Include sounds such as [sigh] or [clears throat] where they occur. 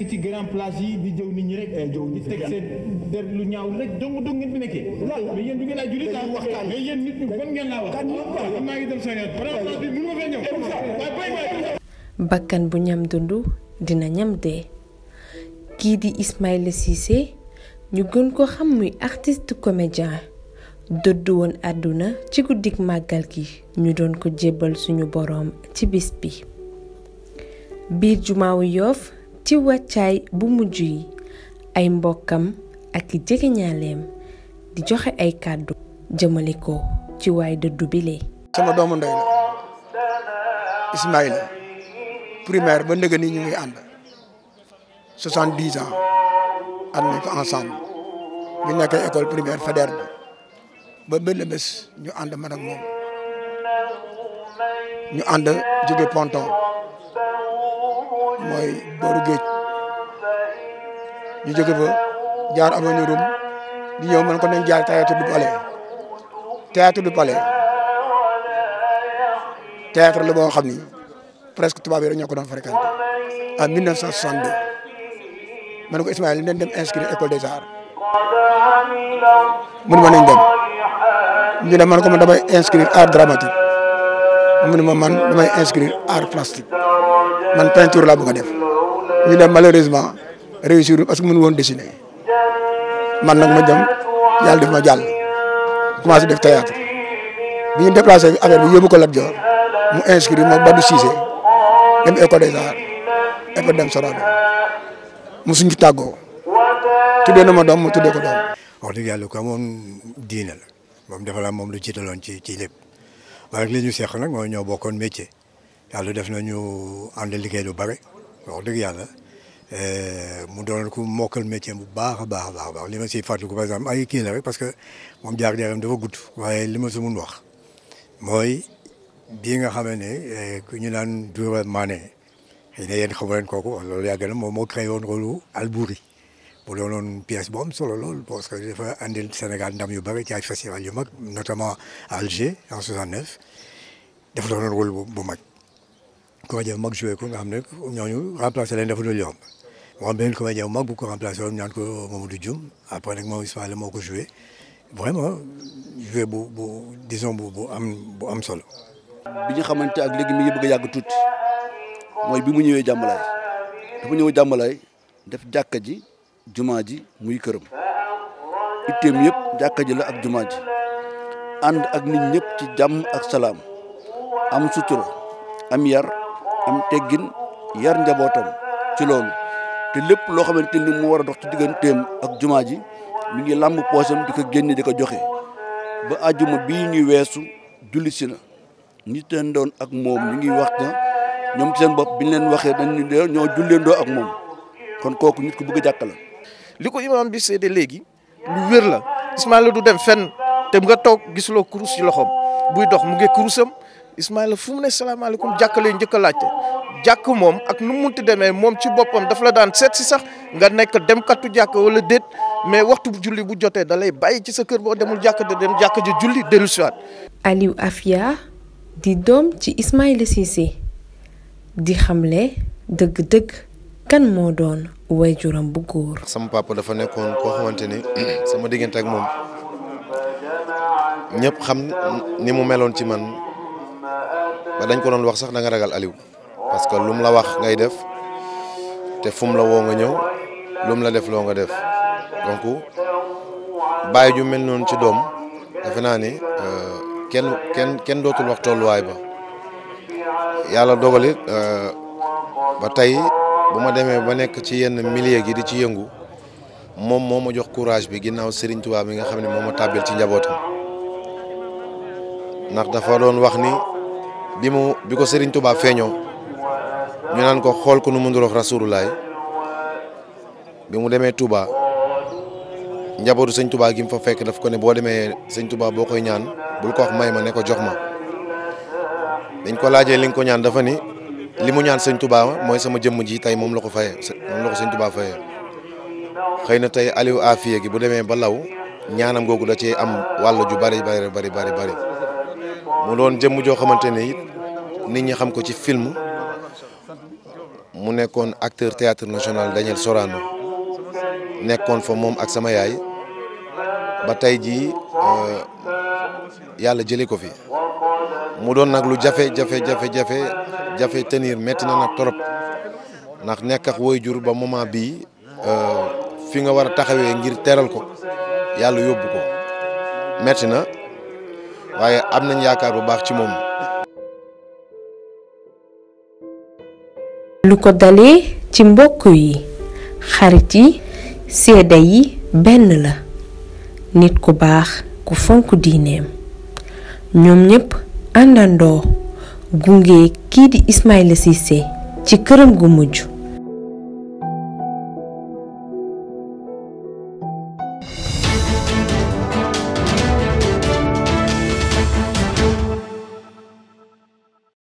nekk ci grand place yi di jëw nit ñi rek eh, di tek seen der lu ñaaw rek dong dong ngeen fi nekkee eh, mais yeen du ngeen ay julit la mais yeen nit ñu bon ngeen la wax kan ñu ma ngi dem sa yoon président bi mu eh, ma fa ñëw bay bay bay bakkan bu ñam dundu dina ñam dee ki di Ismaïla Cissé ñu gën ko xam muy artiste comédien dëddu woon àdduna ci guddik màggal gi ñu doon ko jébal suñu boroom ci bis bi biir jumaawu yoof ci waccay bu mujj yi ay mbokkam ak jegeñaaleem di joxe ay kaddu jëmele ko ci way de dubilé sama doomu ndey la Ismaïla primaire ba ndëgë ñu ngi and 70 ans ànd nañ ko ensemble ñu nekkee école primaire Faidherbe ba benn bés ñu and man ak moom ñu and jóge ponton mooy booru géej ñu jóge fa jaar avenue Roume di ñëw man ko nañ jaar théâtre du palais théâtre du palais théâtre la boo nga xam ni presque tubaab yi ra ñoo ko doon fréquenté en 1962 ma ne ko Ismaël nañ dem inscrire école des arts mënu ma nañ dem ñu ne man ko man damay inscrire art dramatique mu ma man damay inscrire art plastique man peinture la bëgg a def ñu ne maleresement réussir parce que mënu woon dessiner man nag ma dem yàlla def ma jàll commencé def théâtre bi ñu déplacé affaire bi yóbbu ko Lat Joor mu inscrit ma Badou Cissé dem école des dem Sorano mu suñ ci tàggoo tuddee na ma doom mu tuddee ko doom. wax dëgg yàlla ko moom diine la moom dafa la moom lu jiitaloon ci ci lépp waaye li ñu seq nag mooy ñoo bokkoon métier. yàlla def nañu ànd liggéey lu bare wax dëgg yàlla eh, mu doon ku mokkal métier bu baax a baax a baax li ma siy fàttaliku par exemple ay kii la rek parce que moom jaar-jaaram dafa gudd waaye li ma si mun wax mooy bii nga xam ne eh, ku ñu naan Doura Mané xëy na yéen xamu leen kooku loolu yàgg na moom moo créé woon rôle Albouri bu doonoon pièce bu am solo lool parce que dafa andil Sénégal ndam yu bëri ci ay festival yu mag notamment à Alger en 69 dafa doonoon rôle bu mag comédien bu mag joué ko nga xam ne ñooñu remplacé leen dafa dul yomb moo am bénn comédien mag bu ko remplacer woon ñaan ko Mamadou djum après nag moom Ismaïla moko ko joué vraiment joué bu bu disons bu bu am bu am solo. bi ñu xamante ak légui mi ngi bëgg a yàgg tuuti bi mu ñëwé jàmbalaay dafa ñëw jàmbalaay def jàkka ji jumaa ji muy kërëm itteem yëpp jàkka ji la ak jumaa ji and ak nit ñëpp ci jàmm ak salam am sutura am yar. am teggin yar njabotam ci lool te lepp lo xamanteni mu dox ci ak jumaa ji mi ngi lamb posam di genn diko joxe ba aljuma bi ñu wessu julisina si ñi ak mom ñu ngi wax na ñom ci seen bop biñ leen waxe dañ ñu ñoo jullendo ak mom kon koku nit ku bëgg jakkal liko imam bi sédé légui lu wër la Ismaïla du dem fenn te nga gis lo kurus ci loxom buy dox mu ngi kurusam Ismaïla fu mu ne salaamaaleykum jàkk lay njëkk laajte jàkk moom ak nu mu munti demee moom ci boppam dafa la daan seet si sax nga nekk dem kattu jàkk wala déet mais waxtu julli bu jotee da lay bàyyi ci sa kër boo demul jàkk da dem jàkk ji julli dellu siwaat Aliou Afia di doom ci Ismaïla Cissé di xamle dëgg-dëgg kan moo doon waajuram bu góor. sama papa dafa nekkoon koo xamante ni [clears throat] sama diggante ak moom ñëpp xam ni mu meloon ci man. ba dañ ko doon wax sax da nga ragal Aliou parce que lu mu la wax ngay def te fu la woo nga ñëw lu la def loo nga def donc bàyyi ju mel noonu ci doom defe naa ni euh, kenn kenn kenn dootul wax tolluwaay ba yàlla dogalit euh, ba tey bu ma demee ba nekk ci yenn milieu gi di ci yëngu moom moo ma jox courage bi ginnaaw Serigne Touba bi nga xam ne moo ma tàbbil ci njabootam ndax dafa doon wax ni. bi mu bi ko Serigne Touba feeñoo ñu naan ko xool ko nu mu nduroog Rasulullah bi mu demee Touba njabootu sëñ Touba gi mu fa fekk daf ko ne boo demee sëñ Touba boo koy ñaan bul ko wax may ma ne ko jox ma dañ ko laajee li nga ko ñaan dafa ni li mu ñaan sëñ Touba mooy sama jëmm ji tey moom la ko fayee moom la ko sëñ Touba fayee xëy na tey Aliou Afia gi bu demee ba law ñaanam googu da cee am wàll ju bari bari bari bari bari. mu doon jëmm joo xamante ne nit ñi xam ko ci film mu nekkoon acteur théâtre national Daniel Sorano nekkoon fa moom ak sama yaay ba tey jii euh, yàlla jëlee ko fi mu doon nag lu jafe jafe jafe jafe jafe tenir métti na nag torop ndax nekk woy jur ba moment bii euh, fi nga war a taxawee ngir teral ko yàlla yóbbu ko métti na. waaye am nañ yaakaar bu baax ci moom. lu ko dalee ci mbokk yi xarit yi seede yi benn la nit ku baax ku fonk diineem ñoom ñépp àndandoo gunge kii di Ismaïla Cissé ci këram gu mujj.